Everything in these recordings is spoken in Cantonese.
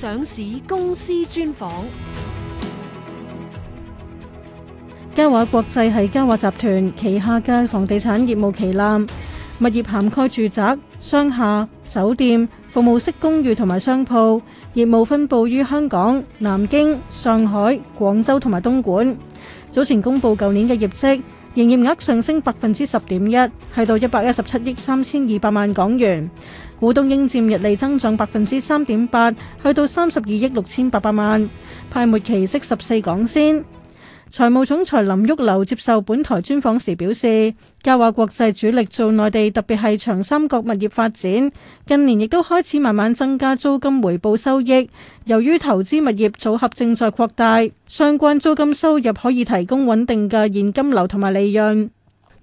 上市公司專訪。嘉華國際係嘉華集團旗下嘅房地產業務旗艦，物業涵蓋住宅、商廈、酒店、服務式公寓同埋商鋪，業務分佈於香港、南京、上海、廣州同埋東莞。早前公布舊年嘅業績。營業額上升百分之十點一，去到一百一十七億三千二百萬港元。股東應佔溢利增長百分之三點八，去到三十二億六千八百萬，派末期息十四港仙。財務總裁林鋈鎏接受本台專訪時表示，嘉華國際主力做內地，特別係長三角物業發展，近年亦都開始慢慢增加租金回報收益。由於投資物業組合正在擴大，相關租金收入可以提供穩定嘅現金流同埋利潤。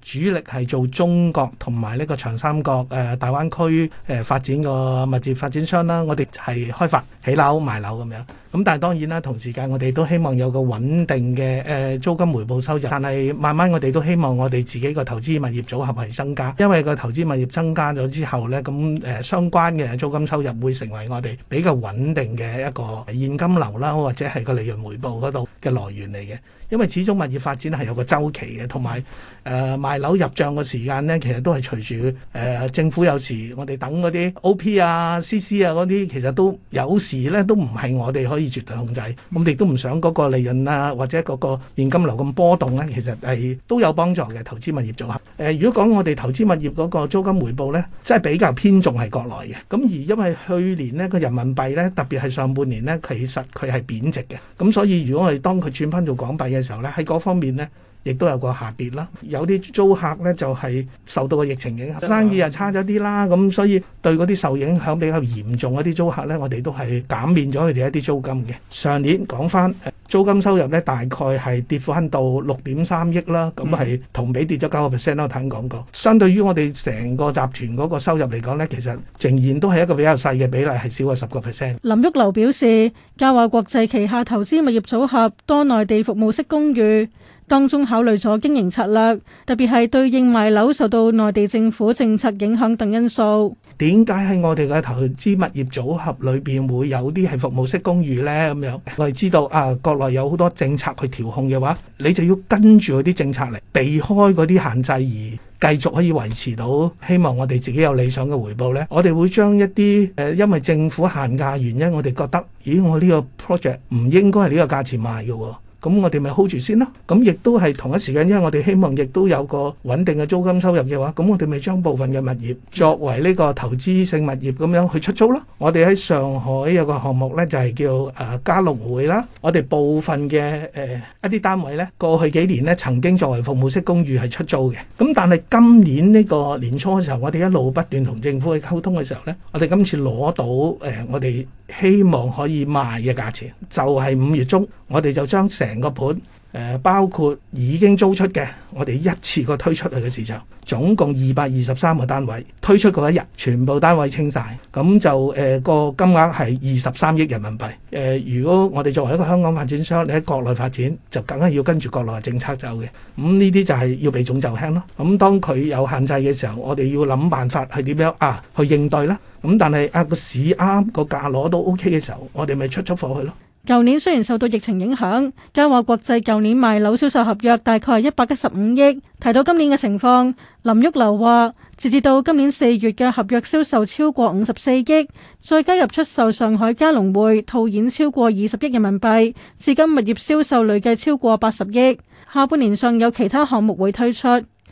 主力係做中國同埋呢個長三角誒大灣區誒發展個物業發展商啦，我哋係開發起樓賣樓咁樣。咁但係當然啦，同時間我哋都希望有個穩定嘅誒租金回報收入。但係慢慢我哋都希望我哋自己個投資物業組合係增加，因為個投資物業增加咗之後咧，咁誒相關嘅租金收入會成為我哋比較穩定嘅一個現金流啦，或者係個利潤回報嗰度嘅來源嚟嘅。因為始終物業發展係有個週期嘅，同埋誒賣樓入賬嘅時間咧，其實都係隨住誒政府有時我哋等嗰啲 O P 啊、C C 啊嗰啲，其實都有時咧都唔係我哋可以。可以絕對控制，我哋都唔想嗰個利潤啊，或者嗰個現金流咁波動呢、啊，其實係都有幫助嘅投資物業組合。誒、呃，如果講我哋投資物業嗰個租金回報呢，即係比較偏重係國內嘅。咁而因為去年呢個人民幣呢，特別係上半年呢，其實佢係貶值嘅。咁所以如果我哋當佢轉翻做港幣嘅時候呢，喺嗰方面呢，亦都有個下跌啦，有啲租客呢，就係受到個疫情影響，生意又差咗啲啦，咁所以對嗰啲受影響比較嚴重嗰啲租客呢，我哋都係減免咗佢哋一啲租金嘅。上年講翻，租金收入呢大概係跌翻到六點三億啦，咁係同比跌咗九個 percent 啦。我頭先講過，相對於我哋成個集團嗰個收入嚟講呢，其實仍然都係一個比較細嘅比例，係少過十個 percent。林鋈鎏表示，嘉華國際旗下投資物業組合多內地服務式公寓，當中考慮咗經營策略，特別係對應賣樓受到內地政府政策影響等因素。點解喺我哋嘅投資物業組合裏邊會有啲係服務式公寓呢？咁樣我哋知道啊，各國內有好多政策去調控嘅話，你就要跟住嗰啲政策嚟，避開嗰啲限制，而繼續可以維持到，希望我哋自己有理想嘅回報咧。我哋會將一啲誒、呃，因為政府限價原因，我哋覺得咦，我呢個 project 唔應該係呢個價錢賣嘅，哦。咁我哋咪 hold 住先咯，咁亦都係同一時間，因為我哋希望亦都有個穩定嘅租金收入嘅話，咁我哋咪將部分嘅物業作為呢個投資性物業咁樣去出租咯。我哋喺上海有個項目咧，就係叫誒嘉隆匯啦。我哋部分嘅誒一啲單位咧，過去幾年咧曾經作為服務式公寓係出租嘅。咁但係今年呢個年初嘅時候，我哋一路不斷同政府去溝通嘅時候咧，我哋今次攞到誒我哋希望可以賣嘅價錢，就係五月中我哋就將成成個盤誒、呃，包括已經租出嘅，我哋一次過推出去嘅時候，總共二百二十三個單位推出嗰一日，全部單位清晒，咁就誒、呃那個金額係二十三億人民幣。誒、呃，如果我哋作為一個香港發展商，你喺國內發展，就梗係要跟住國內嘅政策走嘅。咁呢啲就係要避重就輕咯。咁、嗯、當佢有限制嘅時候，我哋要諗辦法去點樣啊去應對啦。咁、嗯、但係啊、那個市啱、那個價攞到 OK 嘅時候，我哋咪出出貨去咯。舊年雖然受到疫情影響，嘉華國際舊年賣樓銷售合約大概係一百一十五億。提到今年嘅情況，林鋈鎏話，截至到今年四月嘅合約銷售超過五十四億，再加入出售上海嘉隆匯套現超過二十億人民幣，至今物業銷售累計超過八十億。下半年尚有其他項目會推出。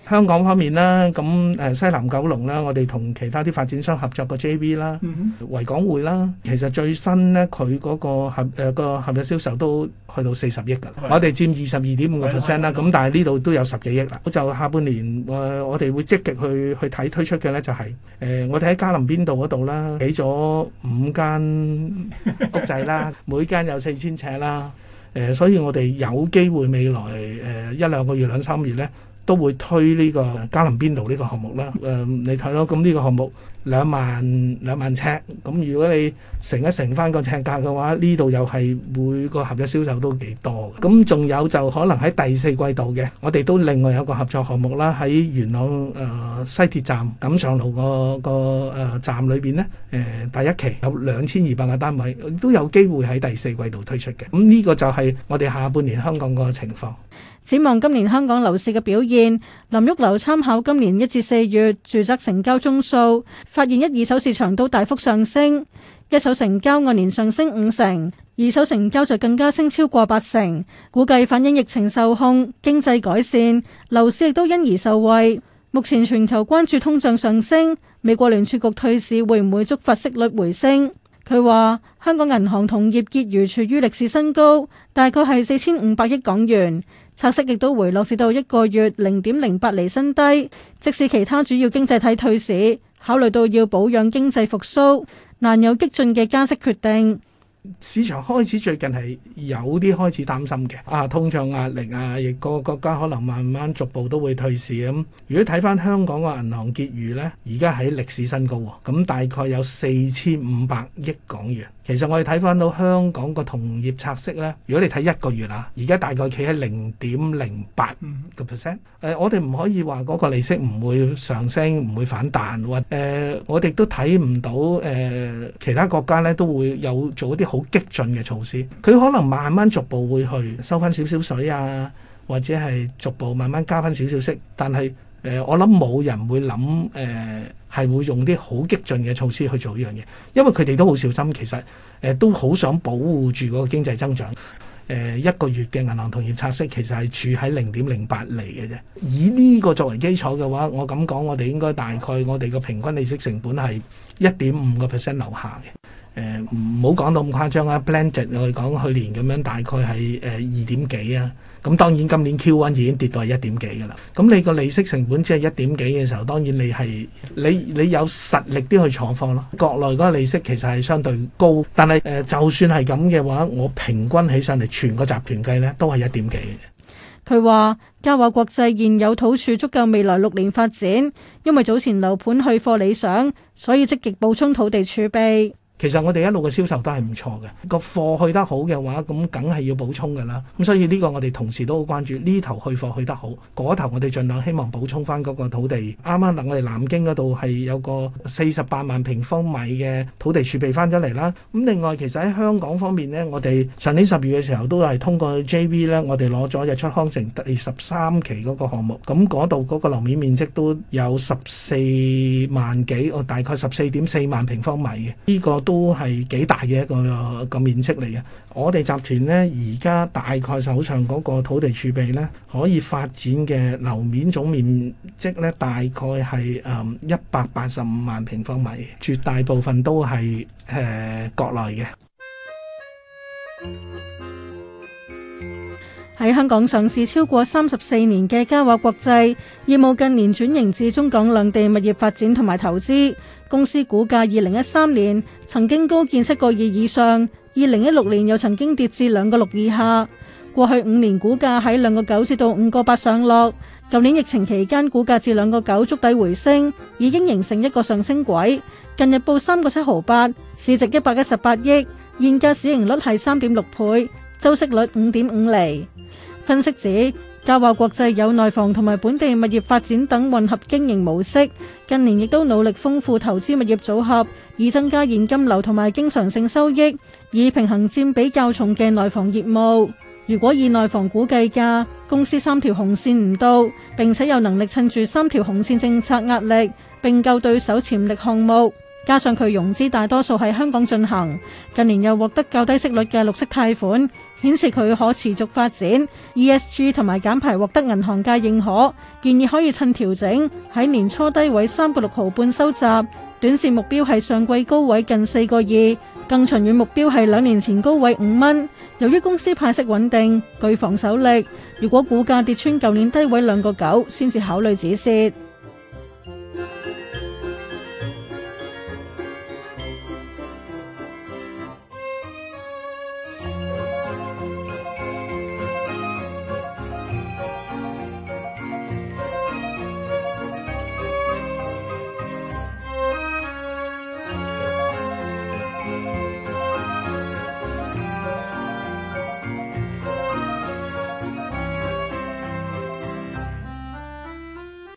香港方面啦，咁誒西南九龍啦，我哋同其他啲發展商合作個 J.V. 啦，維港匯啦，其實最新咧，佢嗰個合誒個合約銷售都去到四十億噶啦。我哋佔二十二點五個 percent 啦，咁但係呢度都有十幾億啦。咁就下半年誒，我哋會積極去去睇推出嘅咧，就係誒我哋喺嘉林邊道嗰度啦，起咗五間屋仔啦，每間有四千尺啦。誒，所以我哋有機會未來誒一兩個月兩三個月咧。都會推呢個嘉林邊度呢個項目啦，誒、呃，你睇咯，咁呢個項目，兩萬兩萬尺，咁如果你乘一乘翻個尺價嘅話，呢度又係每個合約銷售都幾多嘅。咁仲有就可能喺第四季度嘅，我哋都另外有個合作項目啦，喺元朗誒西鐵站錦上路個個誒站裏邊咧，誒第一期有兩千二百個單位，都有機會喺第四季度推出嘅。咁呢個就係我哋下半年香港個情況。展望今年香港樓市嘅表現，林鋈鎏參考今年一至四月住宅成交宗數。發現一二手市場都大幅上升，一手成交按年上升五成，二手成交就更加升超過八成。估計反映疫情受控，經濟改善，樓市亦都因而受惠。目前全球關注通脹上升，美國聯儲局退市會唔會觸發息率回升？佢話香港銀行同業結餘處於，處於歷史新高，大概係四千五百億港元，拆息亦都回落至到一個月零點零八厘新低。即使其他主要經濟體退市。考慮到要保養經濟復蘇，難有激進嘅加息決定。市場開始最近係有啲開始擔心嘅啊，通脹壓力啊，各個國家可能慢慢逐步都會退市咁。如果睇翻香港嘅銀行結餘呢，而家喺歷史新高喎，咁大概有四千五百億港元。其實我哋睇翻到香港個同業拆息呢，如果你睇一個月啊，而家大概企喺零點零八個 percent。誒、嗯哼呃，我哋唔可以話嗰個利息唔會上升，唔會反彈或誒、呃，我哋都睇唔到誒、呃，其他國家呢都會有做一啲。好激進嘅措施，佢可能慢慢逐步會去收翻少少水啊，或者係逐步慢慢加翻少少息。但係誒、呃，我諗冇人會諗誒係會用啲好激進嘅措施去做呢樣嘢，因為佢哋都好小心，其實誒、呃、都好想保護住個經濟增長。誒、呃，一個月嘅銀行同業拆息其實係處喺零點零八厘嘅啫。以呢個作為基礎嘅話，我咁講，我哋應該大概我哋個平均利息成本係一點五個 percent 樓下嘅。誒唔好講到咁誇張啊。Blended 我哋講去年咁樣大概係誒二點幾啊。咁當然今年 Q One 已經跌到係一點幾嘅啦。咁你個利息成本只係一點幾嘅時候，當然你係你你有實力啲去坐貨咯、啊。國內嗰個利息其實係相對高，但係誒、呃、就算係咁嘅話，我平均起上嚟，全個集團計呢都係一點幾嘅。佢話嘉華國際現有土儲足夠未來六年發展，因為早前樓盤去貨理想，所以積極補充土地儲備。其實我哋一路嘅銷售都係唔錯嘅，個貨去得好嘅話，咁梗係要補充㗎啦。咁所以呢個我哋同時都好關注呢頭去貨去得好，嗰頭我哋盡量希望補充翻嗰個土地。啱啱嗱我哋南京嗰度係有個四十八萬平方米嘅土地儲備翻咗嚟啦。咁另外其實喺香港方面呢，我哋上年十月嘅時候都係通過 JV 咧，我哋攞咗日出康城第十三期嗰個項目。咁嗰度嗰個樓面面積都有十四萬幾，我大概十四點四萬平方米嘅呢個。都係幾大嘅一個一個，一個面積嚟嘅。我哋集團呢，而家大概手上嗰個土地儲備呢，可以發展嘅樓面總面積呢，大概係誒一百八十五萬平方米，絕大部分都係誒、呃、國內嘅。喺香港上市超過三十四年嘅嘉華國際，業務近年轉型至中港兩地物業發展同埋投資。公司股價二零一三年曾經高見七個二以上，二零一六年又曾經跌至兩個六以下。過去五年股價喺兩個九至到五個八上落。舊年疫情期間股價至兩個九築底回升，已經形成一個上升軌，近日報三個七毫八，市值一百一十八億，現價市盈率係三點六倍。收息率五點五厘。分析指，嘉華國際有內房同埋本地物業發展等混合經營模式，近年亦都努力豐富投資物業組合，以增加現金流同埋經常性收益，以平衡佔比較重嘅內房業務。如果以內房股計價，公司三條紅線唔到，並且有能力趁住三條紅線政策壓力，併購對手潛力項目，加上佢融資大多數喺香港進行，近年又獲得較低息率嘅綠色貸款。顯示佢可持續發展，ESG 同埋減排獲得銀行界認可，建議可以趁調整喺年初低位三個六毫半收集，短線目標係上季高位近四個二，更長遠目標係兩年前高位五蚊。由於公司派息穩定，具防守力，如果股價跌穿舊年低位兩個九，先至考慮止蝕。